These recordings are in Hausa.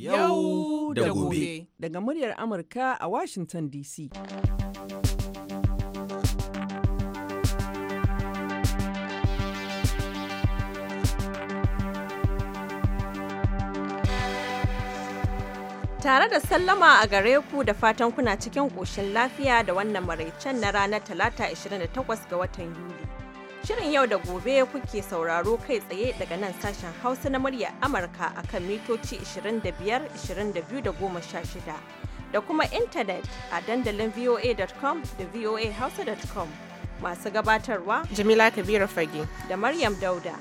yau da gobe daga muryar amurka a washington dc Tare da sallama a gare ku da fatan kuna cikin ƙoshin lafiya da wannan maraicen na ranar Talata 28 ga watan Yuli. Shirin yau da gobe kuke sauraro kai tsaye daga nan sashen Hausa na murya Amurka akan mitoci 25, 22 da 16 da kuma intanet a dandalin voa.com da voahausa.com masu gabatarwa Jamila Kabiru Fage da Maryam Dauda.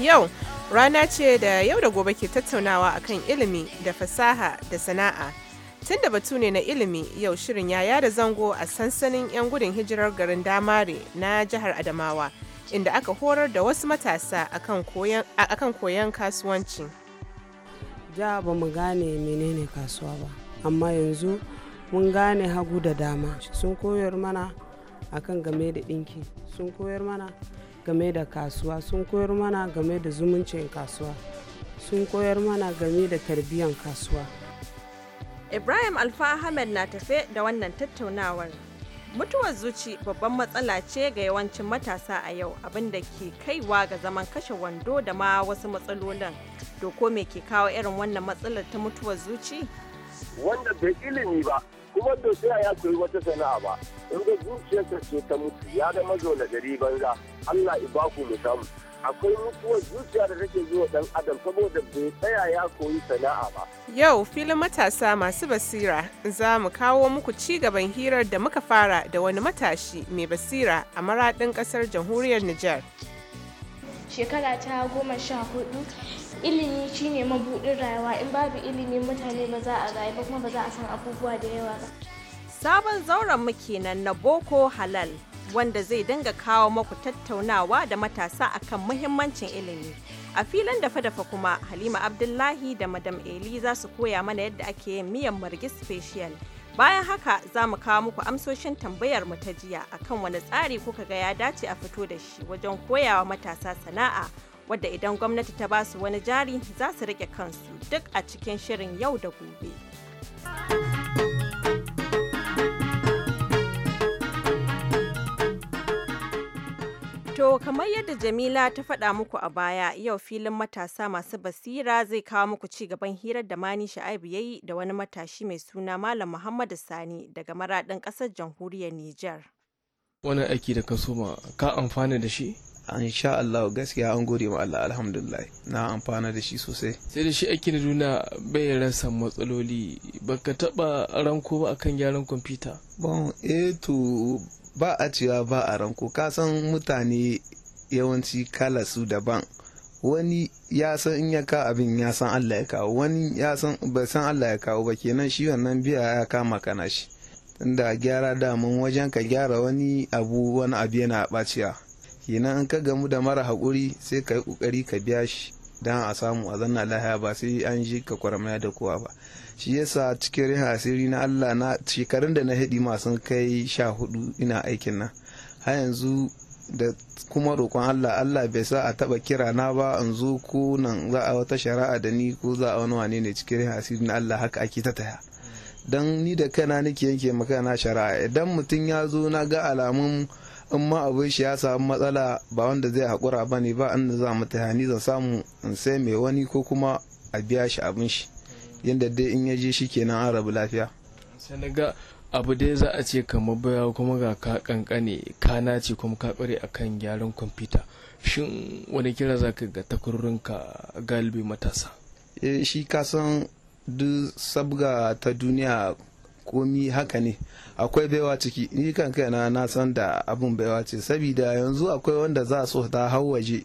Yau rana ce da yau da gobe ke tattaunawa akan ilimi da fasaha da sana'a. Tunda batu ne na ilimi yau shirin ya yada zango a sansanin 'yan gudun hijirar garin Damare na jihar Adamawa inda aka horar da wasu matasa akan koyon kasuwanci. Ja ba mu gane menene kasuwa ba, amma yanzu mun gane hagu da dama sun koyar mana akan game da ɗinki sun koyar mana game da kasuwa sun koyar mana game da zumuncin kasuwa sun koyar mana game da tarbiyyar kasuwa. Ibrahim Alfa Ahmed na tafe da wannan tattaunawar. Mutuwar zuci babban matsala ce ga yawancin matasa a yau abinda ke kaiwa ga zaman kashe wando da ma wasu matsalolin. Doko me ke kawo irin wannan matsalar ta mutuwar zuci? Wanda bai ilimi ba, kuma da sai ya koyi wata sana'a ba inda zuciyarsa ce ta mutu ya da mazauna gari banza Allah i baku mu samu akwai mutuwar zuciya da take zuwa dan adam saboda bai tsaya ya koyi sana'a ba yau filin matasa masu basira za mu kawo muku ci gaban hirar da muka fara da wani matashi mai basira a maradin kasar jamhuriyar Nijar. shekara ta goma sha hudu ilimi shine mabudin rayuwa in babu ilimi mutane ba za a rayu ba kuma ba za a san abubuwa da yawa ba sabon zauren mu kenan na boko halal wanda zai dinga kawo muku tattaunawa da matasa akan muhimmancin ilimi. A filin dafa-dafa kuma Halima Abdullahi da Madam Eli za su koya mana yadda ake yin miyan margis special. Bayan haka za mu kawo muku amsoshin tambayar ta jiya akan wani tsari kuka ga ya dace a fito da shi wajen koyawa matasa sana'a wadda idan gwamnati ta basu wani jari za su rike kansu duk a cikin shirin yau da gobe. To kamar yadda Jamila ta faɗa muku a baya yau filin matasa masu basira zai kawo muku ci gaban hirar da Mani sha'ibu ya yi da wani matashi mai suna Malam Muhammadu Sani daga maraɗin ƙasar jamhuriyar Nijar. Wani aiki da ka soma ka amfana da shi? Ah, sha Allah gaskiya an gode ma Allah alhamdulillah na amfana da shi sosai sai da shi aikin duna bai rasa matsaloli baka taba ranko ba akan gyaran kwamfuta bon eh to ba a cewa ba a ranko kasan mutane yawanci kala su daban wani ya san in ya ka abin ya san Allah ya kawo wani ya san bai san Allah ya kawo ba kenan shi wannan biya ya kama kana shi tunda gyara damun wajen ka gyara wani abu wani abu yana baciya kenan an ka gamu da mara hakuri sai ka yi ƙoƙari ka biya shi don a samu a zanna lahiya ba sai an ji ka kwarmaya da kowa ba shi yasa cikin riha asiri na Allah na shekarun da na haɗi masu kai sha hudu ina aikin na har yanzu da kuma roƙon Allah Allah bai sa a taba kira na ba in zo ko nan za a wata shari'a da ni ko za a wani wane ne cikin riha asiri na Allah haka ake ta taya dan ni da kana nake yanke maka na shari'a idan mutum ya zo na ga alamun in ma abin shi ya samu matsala ba wanda zai haƙura ba ne ba inda za mu ta ni zan samu in sai mai wani ko kuma a biya shi abin shi yadda dai in ya je shi kenan an rabu lafiya sanaga abu dai za a ce kamar baya kuma ga ka kankane ka nace kuma ka kware akan gyaran kwamfuta shin wani kira za ka ga ka galibi matasa eh, shi kasan duk sabga ta duniya komi haka ne akwai baiwa ciki ni kan na san da abun baiwa ce sabida yanzu akwai wanda za su ta hau waje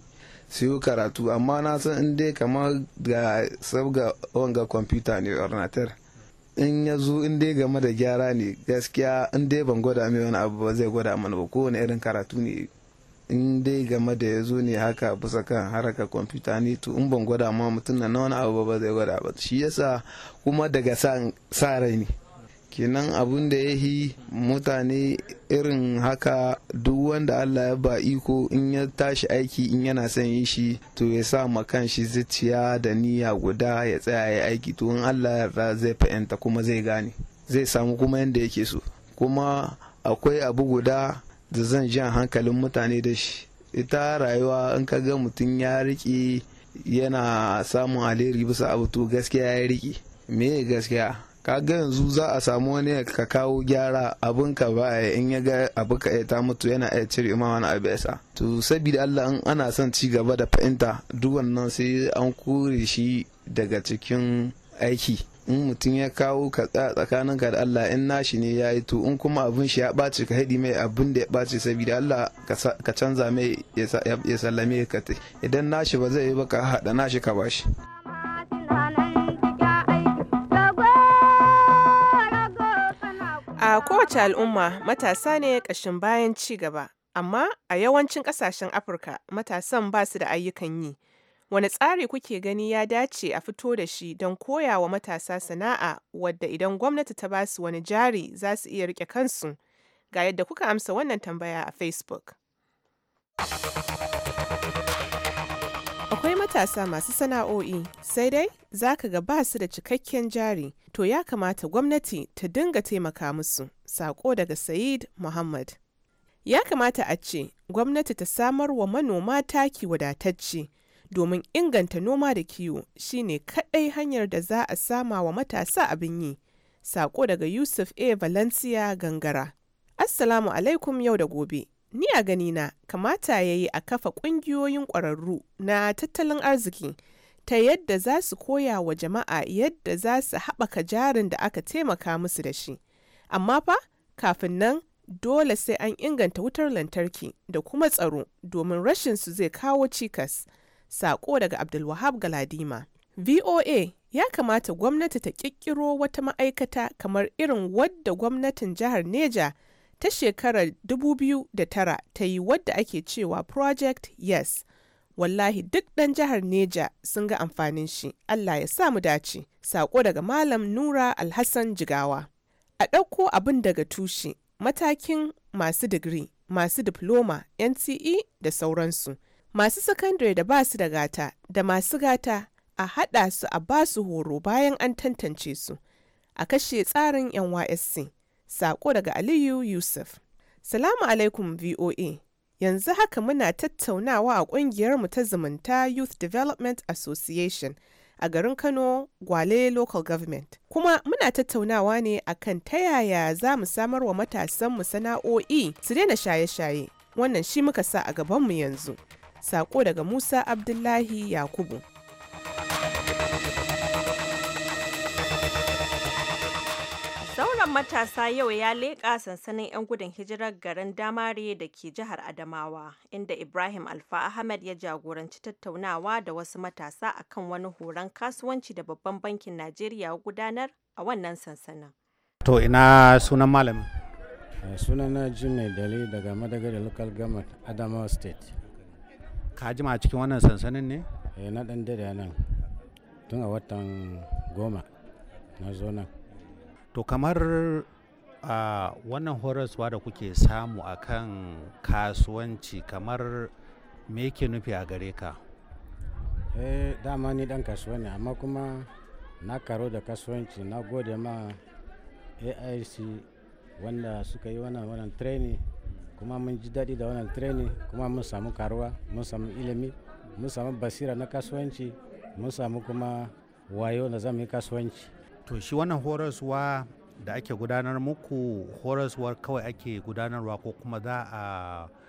su yi karatu amma na san in dai kamar ga ga wanga kwamfuta ne ornatar. in ya zo in dai game da gyara ne gaskiya in dai ban gwada mai wani abu ba zai gwada mana ba kowane irin karatu ne in dai game da ya zo ne haka bisa kan haraka kwamfuta ne to in ban gwada ma mutum na wani abu ba zai gwada ba shi yasa kuma daga sa rai ne kenan abun da ya yi mutane irin haka duk wanda allah ya ba iko in ya tashi aiki in yana son yi shi to ya sa makan shi zuciya da niyya guda ya tsaya ya aiki to in allah yarda zai fahimta kuma zai gane zai samu kuma yadda yake so kuma akwai abu guda da zan jan hankalin mutane da shi ita rayuwa in ka ga mutum ya riƙe yana samun alheri bisa abu to gaskiya ya riƙe me gaskiya ka ga yanzu za a samu wani ka kawo gyara abin ka baya in ya ga abu ka ta mutu yana iya cire ma wani abu sa to saboda Allah in ana son ci gaba da fahimta duk wannan sai an kore shi daga cikin aiki in mutum ya kawo ka tsakanin ka da Allah in nashi ne ya yi to in kuma abin shi ya ɓaci ka haɗi mai abin da ya ɓaci saboda Allah ka canza mai ya sallame ka idan nashi ba zai yi ba ka haɗa nashi ka bashi. A kowace al'umma matasa ne ƙashin bayan ci gaba, amma a yawancin ƙasashen Afirka matasan ba su da ayyukan yi. Wani tsari kuke gani ya dace a fito da shi don koya wa matasa sana'a wadda idan gwamnati ta ba su wani jari za su iya rike kansu? Ga yadda kuka amsa wannan tambaya a Facebook. Akwai matasa masu sana'o'i sai dai za ka ga ba su da cikakken jari to ya kamata gwamnati ta dinga taimaka musu. Sako daga Said Muhammad. Ya kamata a ce gwamnati ta samar wa manoma taki wadatacce domin inganta noma da kiwo shine kaɗai hanyar da za a sama wa matasa abin yi. Sako daga Yusuf A. Valencia Gangara. Assalamu alaikum yau da gobe. Ni a ganina kamata ya yi a kafa ƙungiyoyin ƙwararru na tattalin arziki ta yadda za su koya wa jama'a yadda za su haɓaka jarin da aka taimaka musu da shi. Amma fa kafin nan dole sai an inganta wutar lantarki da kuma tsaro domin rashin su zai kawo cikas. Sako daga Abdulwahab Galadima. VOA ya kamata gwamnati ta ƙirƙiro wata ma'aikata kamar irin wadda gwamnatin jihar Neja ta shekarar 2009 ta yi wadda ake cewa Project Yes. Wallahi duk ɗan jihar Neja sun ga amfanin shi, Allah ya sa mu dace, saƙo daga Malam Nura Alhassan Jigawa. A ɗauko abin daga tushe, matakin masu digiri, masu diploma, NCE da sauransu, masu sakandare da ba su da gata, da masu gata a haɗa su a ba su horo bayan an tantance su, a kashe tsarin NYSC. Sako daga Aliyu Yusuf. Salamu alaikum VOA. Yanzu haka muna tattaunawa a ƙungiyarmu ta zumunta Youth Development Association a garin Kano, Gwale Local Government. Kuma muna tattaunawa ne a kan ta yaya za mu samar wa matasanmu sana'o'i su daina shaye-shaye. Wannan shi muka sa a gabanmu yanzu. Sako daga Musa Abdullahi Yakubu. Shirin matasa yau ya leƙa sansanin 'yan gudun hijirar garin Damare da ke jihar Adamawa, inda Ibrahim Alfa Ahmed ya jagoranci tattaunawa da wasu matasa akan wani horon kasuwanci da Babban Bankin Najeriya gudanar a wannan sansanin. To ina sunan na eh, Sunana Jimmy Dali daga Madagari Local Government Adamawa State. Ka jima a cikin wannan sansanin ne? Eh na ɗan dare nan tun a watan goma na zo nan. to kamar a wannan horaswa da kuke samu a kan kasuwanci kamar me yake nufi a gare ka eh dama ni dan kasuwa ne amma kuma na karo da kasuwanci na gode ma aic wanda suka yi wannan wannan training kuma mun ji daɗi da wannan training kuma mun samu karuwa mun samu ilimi mun samu basira na kasuwanci mun samu kuma wayo na zamu yi kasuwanci to shi wannan horaswa da ake gudanar muku horaswar kawai ake gudanarwa ko kuma za a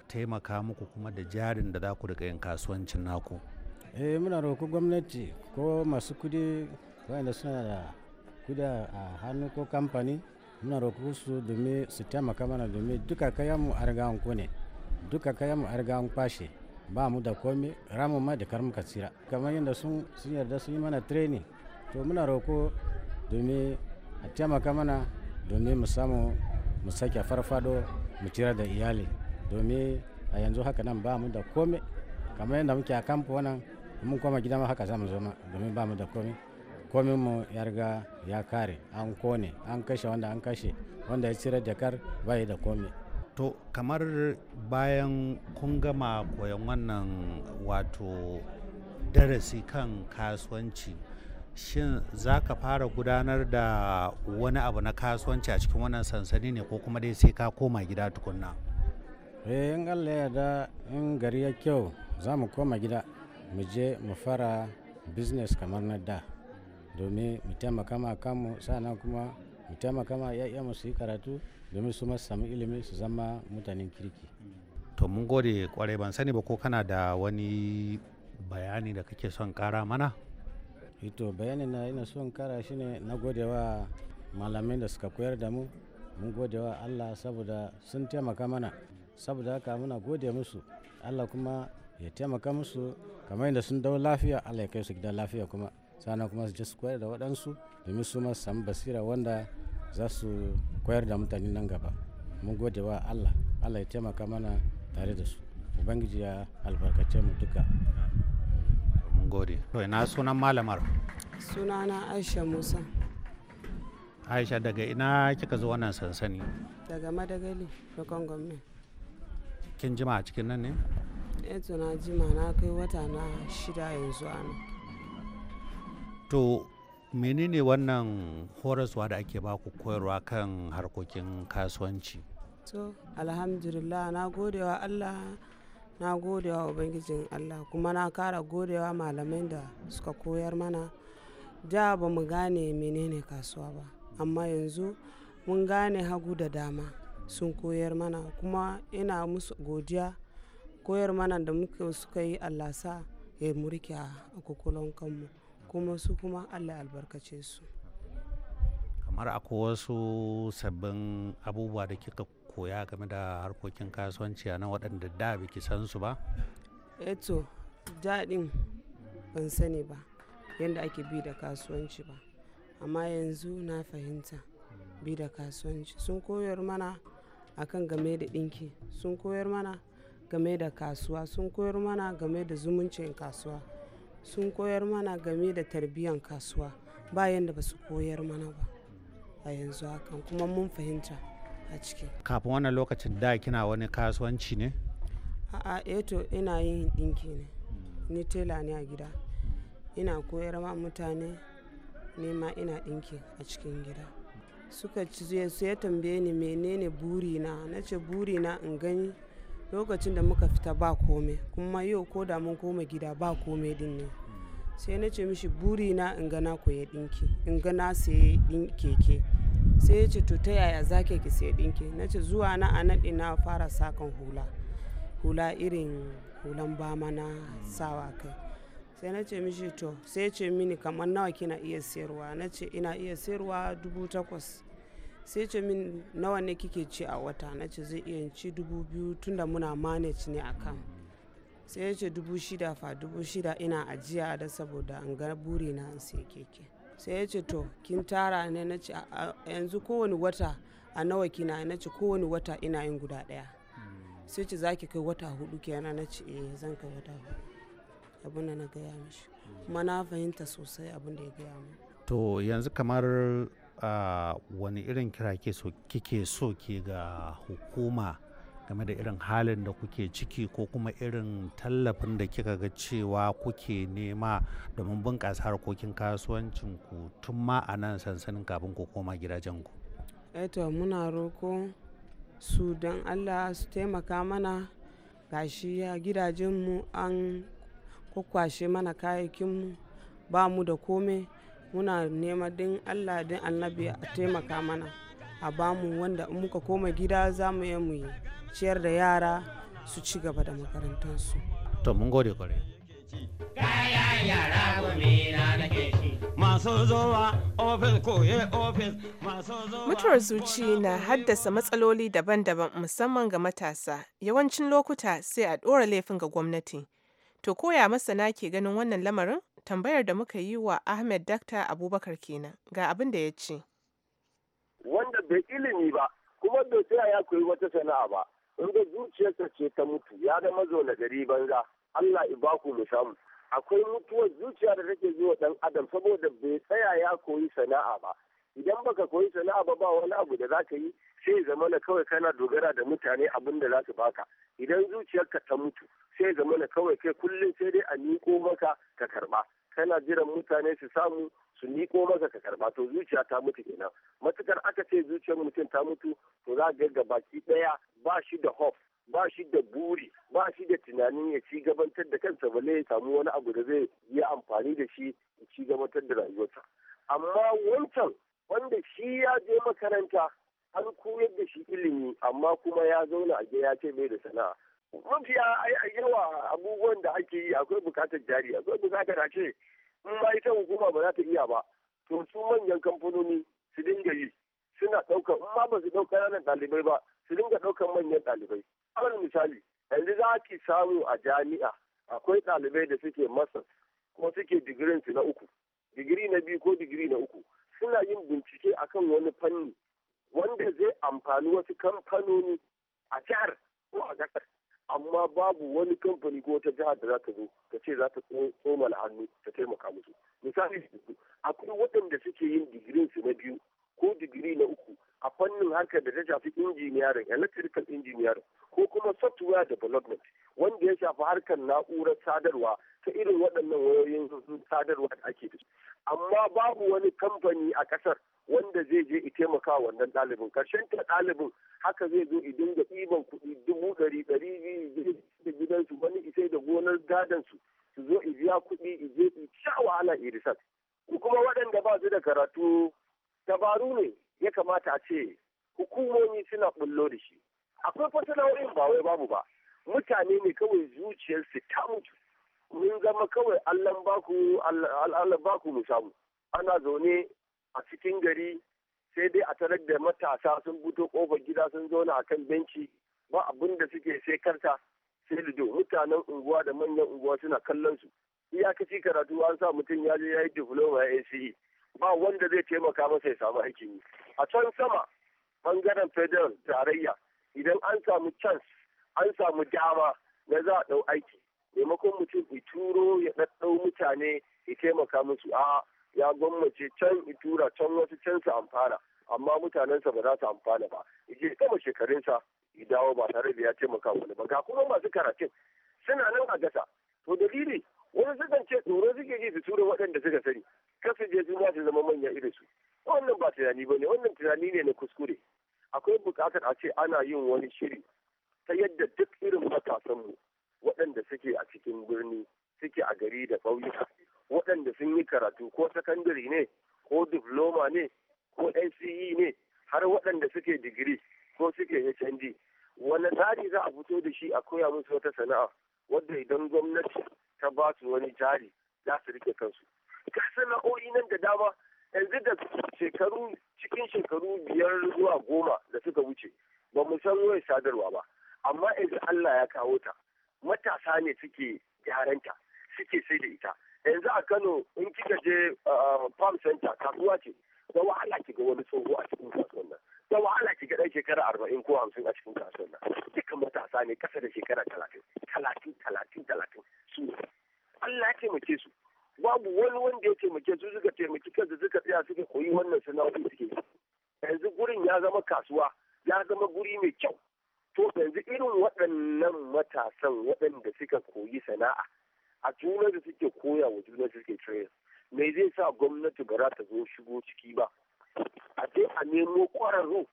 taimaka muku kuma da jarin da za ku rika yin kasuwancin naku eh muna roƙo gwamnati ko masu kudi wanda suna da kudi a hannu ko kamfani muna roƙo su domin su taimaka mana domin duka kayan mu riga ne duka kayan mu argawan kwashe ba mu da komai ramu ma da karmu tsira kamar yadda sun yarda sun yi mana training to muna roƙo domin a taimaka mana domin mu samu mu sake farfado mu cira da iyali domin a yanzu haka nan ba mu da komai kamar yadda muke a kamfa wannan mun koma gida haka za mu zoma domin ba mu da komai komai mu ya riga ya kare an kone an kashe wanda an kashe wanda ya cire jakar ba da komai to kamar bayan kun gama koyon wannan wato darasi kan kasuwanci shin za ka fara gudanar da wani abu na kasuwanci a cikin wannan sansani ne ko kuma dai sai ka koma gida tukunna eh in allah ya da in gari ya kyau za mu koma gida mu je mu fara business kamar na da domin mu taimaka ma kanmu sannan kuma mu taimaka ma ya'yanmu su yi karatu domin su masu samu ilimi su zama mutanen kirki to mun gode kwarai ban sani ba ko kana da wani bayani da kake son kara mana Ito bayanin na ina son kara shi na godewa malamai da suka koyar da mu, mun godewa Allah saboda sun taimaka mana, saboda haka muna gode musu, Allah kuma ya taimaka musu kamar yadda sun dau lafiya Allah ya kai su gida lafiya kuma sannan kuma su je su koyar da waɗansu domin su ma samu basira wanda za su koyar da mutane nan gaba mun gode wa Allah Allah ya taimaka mana tare da su ubangiji ya albarkace mu duka gode. To ina sunan malamar? Sunana Aisha Musa. Aisha daga ina kika zo wannan sansani? Daga Madagali, Rukon Gwamnati. Kin jima a cikin nan ne? Eh to na jima na kai wata na shida yanzu ana. To menene wannan horaswa da ake baku koyarwa kan harkokin kasuwanci? To alhamdulillah na gode wa Allah na godewa ubangijin allah kuma na kara godewa malamai da suka koyar mana ja ba mu gane menene kasuwa ba amma yanzu mun gane hagu da dama sun koyar mana kuma ina musu godiya koyar mana da muke suka yi allah sa ya murke a kukulon kanmu kuma su kuma allah albarkace su kamar akwai wasu sabbin abubuwa da kika koya game da harkokin kasuwanci a nan waɗanda da biki san su ba? eto eh daɗin ban sani ba yadda ake bi da kasuwanci ba amma yanzu na fahimta bi da kasuwanci sun koyar mana akan game da ɗinki sun koyar mana game da kasuwa sun koyar mana game da zumuncin kasuwa sun koyar mana game da tarbiyyar kasuwa ba yadda ba su koyar mana ba a yanzu hakan kuma mun fahimta kafin wannan lokacin da kina wani kasuwanci ne a'a eto eh ina yin dinki ne ni tela ne a gida ina koyar ma mutane ne ma ina dinki a cikin gida suka ci su ya tambaye ni menene burina na ce burina in gani lokacin da muka fita ba kome kuma yau ko da mun koma gida ba kome din ne sai na ce mishi burina in gana koya dinki in gana saye keke sai ya ce to ta yaya za ke ki sai ɗinki na ce zuwa na a naɗi na fara sakan hula hula irin hulan bama na sawa kai sai na ce mishi to sai ya ce mini kamar nawa kina iya sayarwa na ce ina iya sayarwa dubu takwas sai ce min nawa ne kike ci a wata na ce zai iya ci dubu biyu tunda muna manage ne akan sai ya ce dubu shida fa dubu shida ina ajiya da saboda an ga burina in sai keke sai ya ce to kin tara ne na ce yanzu kowane wata a nawa kina na ce kowane wata ina yin guda daya hmm. sai ce za ki kai wata hudu kenan na ce eh zan kai wata hudu abin na gaya mishi kuma na fahimta sosai abin da ya gaya mu to yanzu kamar ah, wani irin kira ke so kike so ke ga hukuma game da irin halin da kuke ciki ko kuma irin tallafin da kika ga cewa kuke nema domin bunƙasa harkokin kasuwancin ku tun ma a nan sansanin kafin ku koma gidajenku eto eh muna roko su don allah su taimaka mana gashi ya gidajenmu an kwakwashe mana kayayyakinmu ba mu da komai muna nema din allah din annabi a taimaka mana a bamu wanda in muka koma gida za mu iya mu ciyar da yara su ci gaba da makarantarsu. To mun gode kwarai. Kaya yara gumi na nake masu zuwa ofis koye ofis masu zuwa mutuwar zuci na haddasa matsaloli daban-daban musamman ga matasa yawancin lokuta sai a ɗora laifin ga gwamnati to koya masana ke ganin wannan lamarin tambayar da muka yi wa ahmed dakta abubakar kenan ga abin da ya ce Bai ilimi ba kuma bai tsaya ya koyi wata sana'a ba in ga zuciyarsa ce ta mutu ya da na gari banza Allah ibaku mu samu akwai mutuwar zuciya da take zuwa dan adam saboda bai tsaya ya koyi sana'a ba idan baka koyi sana'a ba ba wani abu da zaka yi sai zama na kawai kana dogara da mutane abin da za su baka idan zuciyarka ta mutu sai zama na kawai kai kullum sai dai a niko maka ka karba kana jiran mutane su samu su niko maka ka karba to zuciya ta mutu kenan matukar aka ce zuciyar mutum ta mutu to za ga baki ɗaya ba shi da hof ba shi da buri ba shi da tunanin ya ci gabatar da kansa ba ya samu wani abu da zai yi amfani da shi ya ci gabatar da rayuwarsa amma wancan wanda shi ya je makaranta an koyar da shi ilimi amma kuma ya zauna a gida ya ce bai da sana'a mafiya a yawa abubuwan da ake yi akwai bukatar jari akwai bukatar a ce in ma ita hukuma ba za ta iya ba to su manyan kamfanoni su dinga yi suna ɗaukar in ma ba su ɗaukar ranar ɗalibai ba su dinga ɗaukar manyan ɗalibai alal misali yanzu za ki samu a jami'a akwai ɗalibai da suke masa ko suke digirin na uku digiri na biyu ko digiri na uku suna yin bincike akan wani fanni wanda zai amfani wasu kamfanoni a jihar ko a gasar amma babu wani kamfani ko wata jihar da za ta zo ta ce za ta tsoma hannu ta taimaka musu misali akwai waɗanda suke yin digirin su na biyu ko digiri na uku a fannin harkar da ta shafi injiniyarin electrical engineering ko kuma software development wanda ya shafi harkar na'urar sadarwa ta irin waɗannan wayoyin sadarwa da ake da su amma babu wani kamfani a ƙasar wanda zai je i taimaka wannan ɗalibin karshen ta ɗalibin haka zai zo i dinga ɗiban kuɗi dubu ɗari ɗari biyu da gidansu wani isai da gonar gadon su zo i biya kuɗi i je i sha wahala i risat kuma waɗanda ba su da karatu dabaru ne ya kamata a ce hukumomi suna bullo da shi akwai fasalawar ba wai babu ba mutane ne kawai zuciyarsu ta mutu mun zama kawai allan baku allan baku mu samu ana zaune a cikin gari sai dai a tarar da matasa sun buto kofar gida sun zauna a kan benci ba abin da suke sai karta sai lido mutanen unguwa da manyan unguwa suna kallon su iyakaci karatu an sa mutum ya je ya yi diploma ya ACE ba wanda zai taimaka masa ya samu aikin yi a can sama bangaren federal tarayya idan an samu chance an samu dama na za a ɗau aiki taimakon mutum ya turo ya ɗaɗɗau mutane ya taimaka musu a ya gwammace can ya tura can wasu can su amfana amma mutanensa ba za su amfana ba je kama shekarunsa ya dawo ba tare da ya taimaka wani ba ga kuma masu karatun suna nan a gasa to dalili wani sukan ce tsoro suke ji su tura waɗanda suka sani kasu je su za su zama manyan irin su wannan ba tunani ba ne wannan tunani ne na kuskure akwai buƙatar a ce ana yin wani shiri ta yadda duk irin matasanmu waɗanda suke a cikin birni suke a gari da ƙauyuka waɗanda sun yi karatu ko sakandare ne ko diploma ne ko nce ne har waɗanda suke digiri ko suke hnd wani tsari za a fito da shi a koya musu wata sana'a wadda idan gwamnati ta ba su wani jari za su rike kansu ga sana'o'i nan da dama yanzu da shekaru cikin shekaru biyar zuwa goma da suka wuce ba mu san wayar sadarwa ba amma yanzu Allah ya kawo ta matasa ne suke gyaranta suke sai da ita yanzu a kano in kika je uh, farm center kasuwa ce da wahala kiga wani tsoho a cikin kasuwan nan da wahala kiga ɗan shekara arba'in ko hamsin a cikin kasuwan nan duka matasa ne kasa da shekara talatin talatin talatin talatin su Allah ya taimake su babu wani wanda ya taimake su suka taimaki kansu suka tsaya suka koyi wannan sana'o'i suke yanzu gurin ya zama kasuwa ya zama guri mai kyau to yanzu irin waɗannan matasan waɗanda suka koyi sana'a a junar da suke koya wa juna suke train me zai sa gwamnati ba za ta zo shigo ciki ba a ce a nemo ƙwararru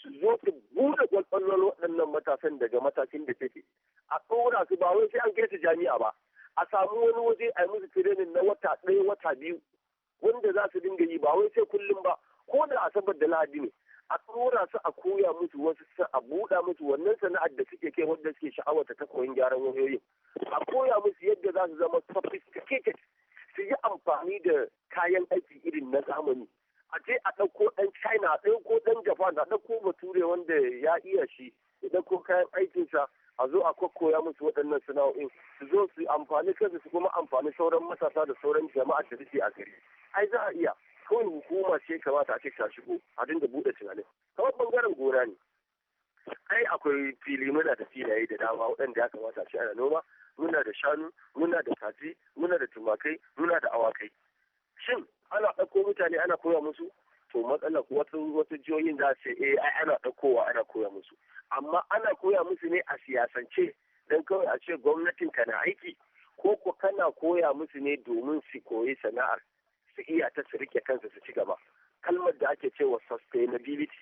su zo su buɗe gwalƙwallon waɗannan matasan daga matakin da take a ɗora su ba wai sai an kai su jami'a ba a samu wani waje a yi musu training na wata ɗaya wata biyu wanda za su dinga yi ba wai sai kullum ba ko da asabar da lahadi ne a tsora su a koya musu wasu a buɗa musu wannan sana'ar da suke kai wanda suke sha'awar ta koyon gyaran wayoyin a koya musu yadda za su zama sophisticated su yi amfani da kayan aiki irin na zamani a je a ɗauko ɗan china a ɗauko ɗan japan a ɗauko bature wanda ya iya shi ya ɗauko kayan aikinsa a zo a kokkoya musu waɗannan sana'o'in su zo su amfani kansu su kuma amfani sauran matasa da sauran jama'a da suke a gari ai za a iya kawai hukuma ce kamata a ce ta shigo a dinga buɗe tunanin kamar bangaren gona ne ai akwai fili muna da filaye da dama waɗanda ya kamata a ce ana noma muna da shanu muna da kaji muna da tumakai muna da awakai shin ana ɗauko mutane ana koya musu to matsalar wasu wasu jihohin za ce eh ai ana ɗaukowa ana koya musu amma ana koya musu ne a siyasance dan kawai a ce gwamnatin ka na aiki ko ko kana koya musu ne domin su koyi sana'ar su iya ta su rike kansu su ci gaba kalmar da ake cewa sustainability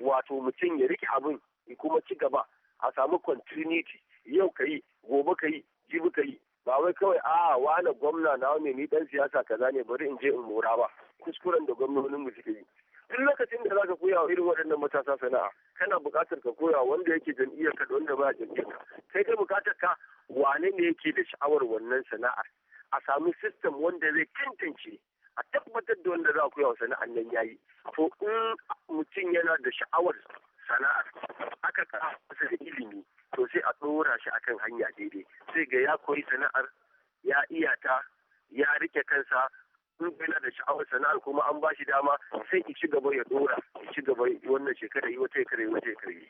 wato mutum ya rike abin ya kuma ci gaba a samu continuity yau ka yi gobe ka yi jibi ka yi ba wai kawai a wani gwamna na wani ni dan siyasa kaza ne bari in je in mora ba kuskuren da gwamnonin mu suke yi duk lokacin da zaka koya wa irin waɗannan matasa sana'a kana buƙatar ka koya wanda yake jam'iyyar ka da wanda ba jam'iyyar ka kai dai buƙatar ka wane ne yake da sha'awar wannan sana'ar a sami sistem wanda zai tantance a tabbatar da wanda za ku yawa sana'an nan yayi to in mutum yana da sha'awar sana'a aka kasa da ilimi to sai a ɗora shi akan hanya daidai sai ga ya koyi sana'ar ya iyata ya rike kansa in yana da sha'awar sana'ar kuma an ba shi dama sai ki ci gaba ya dora ki ci gaba wannan shekara yi wata shekara yi wata shekara yi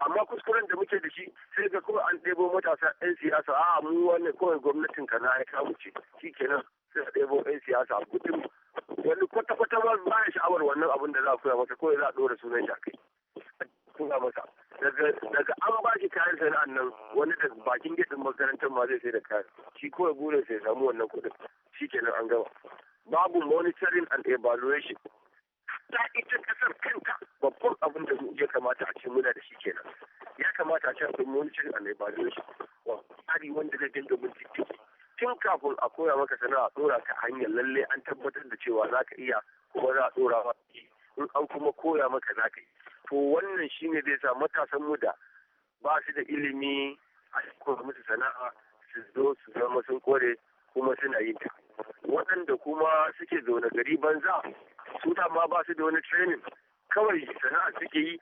amma kuskuren da muke da shi sai ga kuma an ɗebo matasa 'yan siyasa a mu wannan kawai gwamnatin ka na ya kamu ce kenan suna ɗebo ɗan siyasa gudun wani kwata-kwata ba ba ya sha'awar wannan abin da za a koya masa kawai za a ɗora sunan shi a kai kuma masa daga an ba shi kayan sana'an nan wani da bakin gidan makarantar ma zai sai da kayan shi kawai gure sai samu wannan kuɗin shi kenan an gama babu monitoring and evaluation ta ita kasar kanta babban abin da ya kamata a ce muna da shi kenan ya kamata a ce abin monitoring and evaluation wa tsari wanda zai dinga bincike tun kafin a koya maka sana'a dora ta hanyar lalle an tabbatar da cewa za ka iya kuma za a dora ma? in an kuma koya maka za ka yi to wannan shine zai sa matasan mu da ba su da ilimi a koya musu sana'a su zo su zama sun kore kuma suna yin ta waɗanda kuma suke zaune gari banza su ma ba su da wani training kawai sana'a suke yi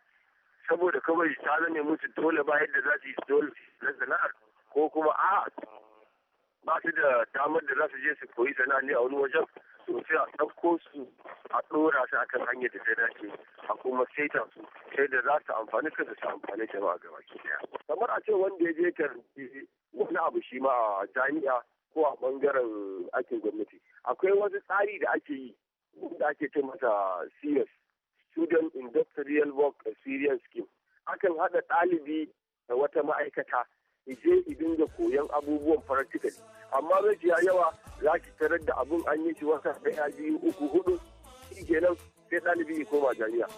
saboda kawai ta zane musu dole ba yadda za su yi dole na sana'ar ko kuma a ba su da damar da za su je su koyi sana'a ne a wani wajen to sai a ɗauko su a ɗora su akan hanyar da ta dace a kuma saita su sai da za su amfani kansu su amfani ma gaba ki daya kamar a ce wanda ya je karbi wani abu shi ma a jami'a ko a ɓangaren aikin gwamnati akwai wasu tsari da ake yi da ake ce masa CS Student Industrial Work Experience Scheme akan haɗa ɗalibi da wata ma'aikata ije idin da koyan abubuwan practically amma mafiya yawa za ki tarar da abun an yi shi wasa daya biyu uku hudu shi kenan sai ɗalibi ya koma jami'a.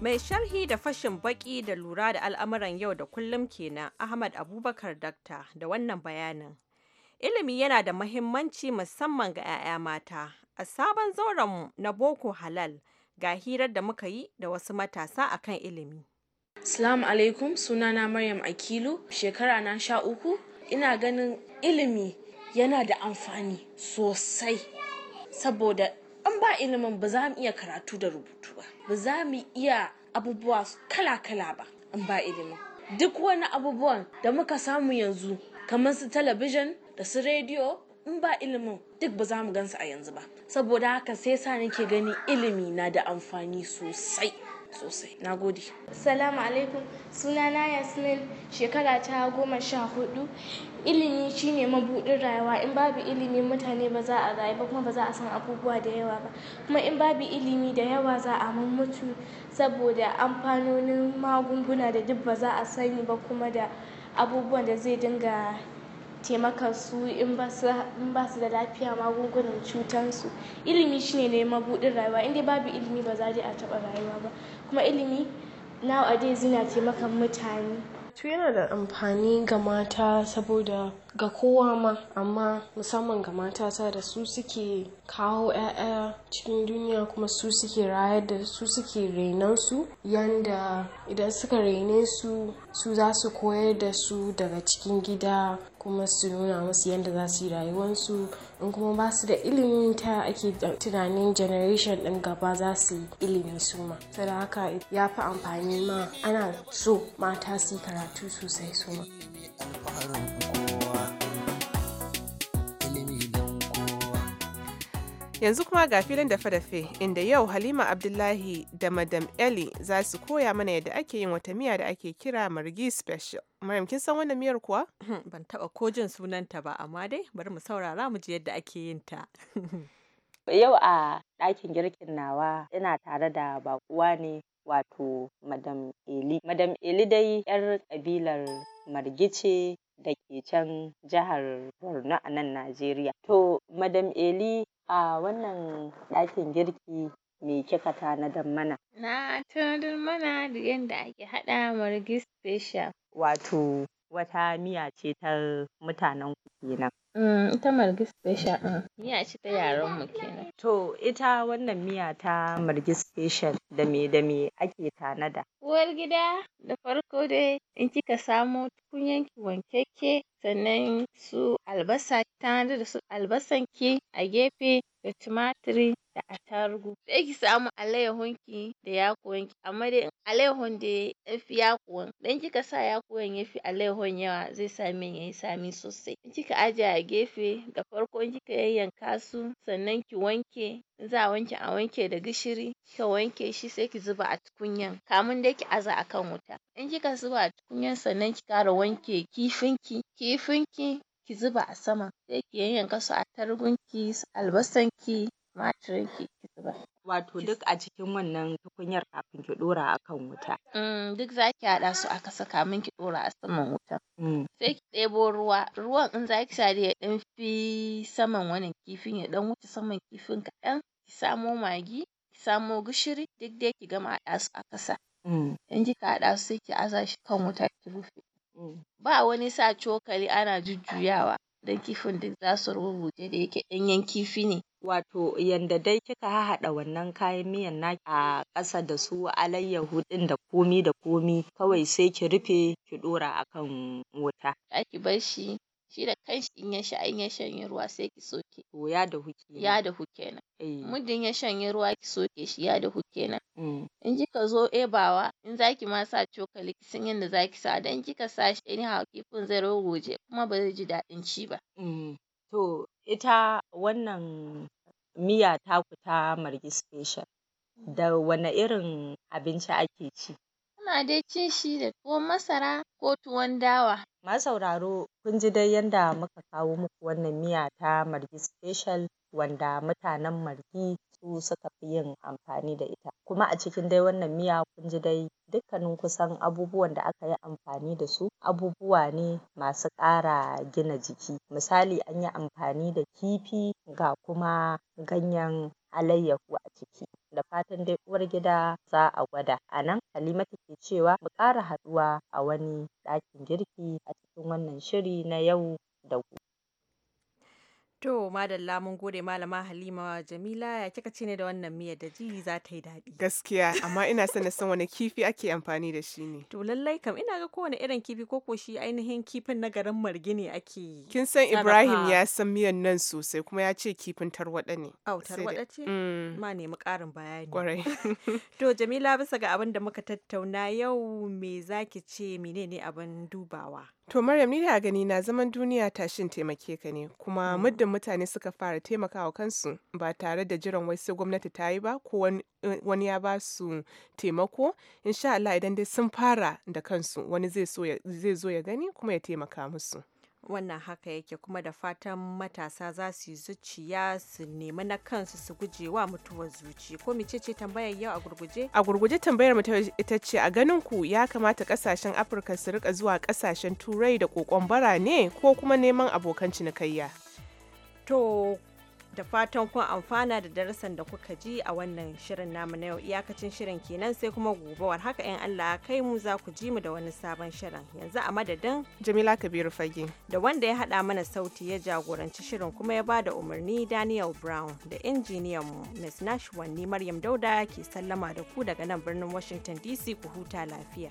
Mai sharhi da fashin baki da lura da al'amuran yau da kullum kenan Ahmad Abubakar Dakta da wannan bayanin. Ilimi yana da mahimmanci musamman ga 'ya'ya mata. A sabon zauren na Boko Halal, ga hirar da muka yi da wasu matasa akan ilimi. Salamu alaikum sunana Maryam Akilu shekara na sha uku ina ganin ilimi yana da amfani sosai saboda in ba ilimin ba za mu iya karatu da rubutu ba ba za mu iya abubuwa kala-kala ba in ba ilimin duk wani abubuwan da muka samu yanzu kamar su talabijin da su rediyo in ba ilimin duk ba za mu gansu a yanzu ba saboda haka sai sa nake gani ilimi na da amfani sosai sosai na gode salamu alaikum sunana yasmin shekara ta goma sha hudu ilimi shine mabudin rayuwa in babu ilimi mutane ba za a rayu ba kuma ba za a san abubuwa da yawa ba kuma in babu ilimi da yawa za a mutu saboda amfanonin magunguna da duk ba za a sani ba kuma da abubuwan da zai dinga taimakan su in ba su da lafiya magungunan cutansu ilimi shine ne mabuɗin rayuwa inda babu ilimi ba za a taɓa rayuwa ba kuma ilimi nowadays yana taimakan mutane tu yana da amfani ga mata saboda ga kowa ma amma musamman ga matata da su suke kawo 'ya'ya cikin duniya kuma su suke rayar da su suke renon su yanda idan suka rene su su za su koyar da su daga cikin gida kuma su nuna musu yadda za su yi rayuwarsu in kuma ba su da ilimin ta ake tunanin generation ɗin gaba za su yi ilimi su ma saboda haka ya fi amfani ma ana so mata su yi karatu sosai su ma Yanzu kuma ga filin dafe-dafe inda yau Halima Abdullahi da Madam Eli za su koya mana yadda ake yin wata miya da ake kira margi special. Maryam kin san wannan miyar kuwa? Hmm, ban taba ko jin sunanta ba amma dai bari mu saurara mu ji yadda ake yin ta. Yau a ɗakin girkin nawa ina tare da bakuwa ne wato Madam Eli. Madam Eli dai 'yar ƙabilar margi ce da ke can jihar Borno a nan Najeriya. To Madam Eli a wannan ɗakin girki me kika tanadar mana? Na tanadar mana da yadda ake haɗa margi special. Wato wata miya ce ta mutanen ku kenan. Mm, ita margis special ɗin miya ce ta yaren mu kenan. To ita wannan miya ta margis special da me da me ake tanada? Uwar gida da farko dai in kika samo tukunyan ki wankeke sannan su albasa ki tanadar da su albasan ki a gefe da tumatiri da atarugu sai ki samu alayyahun ki da yakuwan ki amma dai alayyahun dai fi yakuwan dan kika sa yakuwan fi alayyahun yawa zai sa miyan yayi tsami sosai in kika ajiye gefe da farko in kika yayyanka su sannan ki wanke in a wanke a wanke da gishiri kika wanke shi sai ki zuba a tukunyan kamin dai ki aza a kan wuta in kika zuba a tukunyan sannan ki kara wanke kifin ki kifin ki zuba a sama sai ki yayyanka su attarugun ki su albasan ki tumatirin ki ki zuba wato duk a cikin wannan tukunyar kafin ki dora akan wuta mm, duk zaki haɗa su a saka min ki dora a saman wuta mm. sai ki ɗebo ruwa ruwan in zaki sa ya ɗan fi saman wannan kifin ya ɗan wuce saman kifin kaɗan ki samo magi ki samo gishiri duk dai ki gama haɗa su a ƙasa mm. in kika haɗa su sai ki aza shi kan wuta ki rufe ba wani sa cokali ana jujjuyawa da kifin duk za su rurruje da yake ɗanyen kifi ne. Wato yanda dai kika haɗa wannan kayan miyan naki a ƙasa da su alayyahu ɗin da komi da komi kawai sai ki rufe ki ɗora a kan wuta. Za ki bar shi shi da kanshi in ya sha in ya shanye ruwa sai ki soke ya da kenan ya kenan eh. muddin ya shanye ruwa ki soke shi ya da huke kenan mm. in kika zo ebawa in za ki ma sa cokali ki san yadda ki sa dan kika sa shi anyhow kifin zai roguje kuma ba zai ji daɗin ci ba mm. to ita wannan miya taku ta margi special da wane irin abinci ake ci Muna dai cin shi da tuwon masara ko tuwon dawa. Ma sauraro kun ji dai yanda muka kawo muku wannan miya ta Margi Special wanda mutanen Margi su suka fi yin amfani da ita. Kuma a cikin dai wannan miya kun ji dai dukkanin kusan abubuwan da aka yi amfani da su abubuwa ne masu ƙara gina jiki. Misali an yi amfani da kifi ga kuma ganyen alayyahu a ciki. da fatan dai uwar gida za a gwada. A nan Halimatu ke cewa mu ƙara haɗuwa a wani ɗakin girki a cikin wannan shiri na yau da gobe. To madalla mun gode malama Halima Jamila ya kika ce ne da wannan miyar da ji za ta yi daɗi. Gaskiya amma ina son san wani kifi ake amfani da shi ne. To lallai kam ina ga kowane irin kifi ko ko shi ainihin kifin na garin margini ake. Kin san Ibrahim ya san miyan nan sosai kuma ya ce kifin tarwaɗa ne. Au tarwaɗa ce? Mm. Ma nemi ƙarin bayani. Kwarai. to Jamila bisa ga abin da muka tattauna yau me zaki ce menene abin dubawa? To Maryam ni da gani na zaman duniya tashin taimake ka ne kuma mm. muddin mutane suka fara taimakawa kansu ba tare da jiran wai sai gwamnati ta yi ba ko wani eh, ya ba su taimako insha Allah idan dai sun fara da kansu wani zai zo ya gani kuma ya taimaka musu. wannan haka yake kuma da fatan matasa za su yi zuciya su nemi na kansu su guje wa mutuwar zuci ko mice ce tambayar yau a gurguje a gurguje tambayar mu ita ce a ganin ku ya kamata kasashen afirka su rika zuwa kasashen turai da kokon bara ne ko kuma neman abokan cinikayya to da fatan kun amfana da darasan da kuka ji a wannan shirin namu na yau iyakacin shirin kenan sai kuma gobe haka yan Allah kai mu za ku ji mu da wani sabon shirin yanzu a madadin Jamila Kabiru Fage da wanda ya hada mana sauti ya jagoranci shirin kuma ya bada umarni Daniel Brown da injiniyan mu Miss Nashwan Maryam Dauda ke sallama da ku daga nan birnin Washington DC ku huta lafiya.